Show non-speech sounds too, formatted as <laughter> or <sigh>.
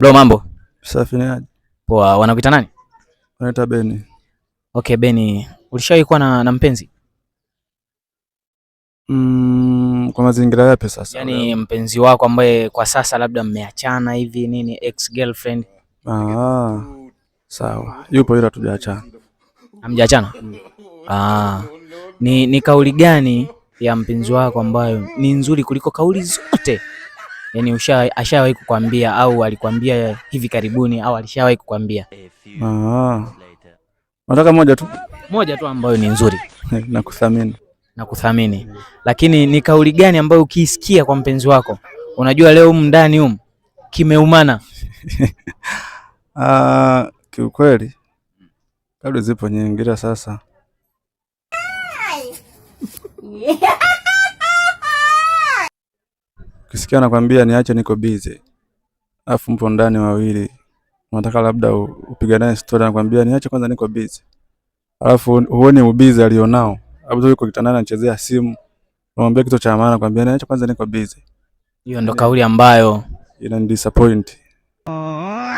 Bro, mambo safi? aje? Poa. Wanakuita nani? Wanaita Beni. Okay, Beni, ulishawahi kuwa na, na mpenzi? Mm, kwa mazingira yapi sasa? Yaani mpenzi wako ambaye kwa sasa labda mmeachana hivi nini, ex girlfriend? Ah, sawa, yupo ila tujaachana. Hamjaachana? Mm. Ah, ni, ni kauli gani ya mpenzi wako ambayo ni nzuri kuliko kauli zote yani ashawahi kukwambia au alikwambia hivi karibuni au alishawahi kukwambia? Ah. Nataka moja tu, moja tu ambayo ni nzuri <laughs> nakuthamini na kuthamini. Lakini ni kauli gani ambayo ukiisikia kwa mpenzi wako unajua leo humu ndani humu kimeumana? Uh, <laughs> kiukweli bado zipo nyingi, ila sasa <laughs> Ukisikia anakwambia niache, niko busy, Alafu mpo ndani wawili, unataka labda upigane naye story, anakwambia niache kwanza, niko busy, alafu huone ubizi alionao, labda yuko kitandani anachezea simu, unamwambia kitu cha maana, anakwambia niache kwanza, niko busy. Hiyo ndo kauli ambayo Oh.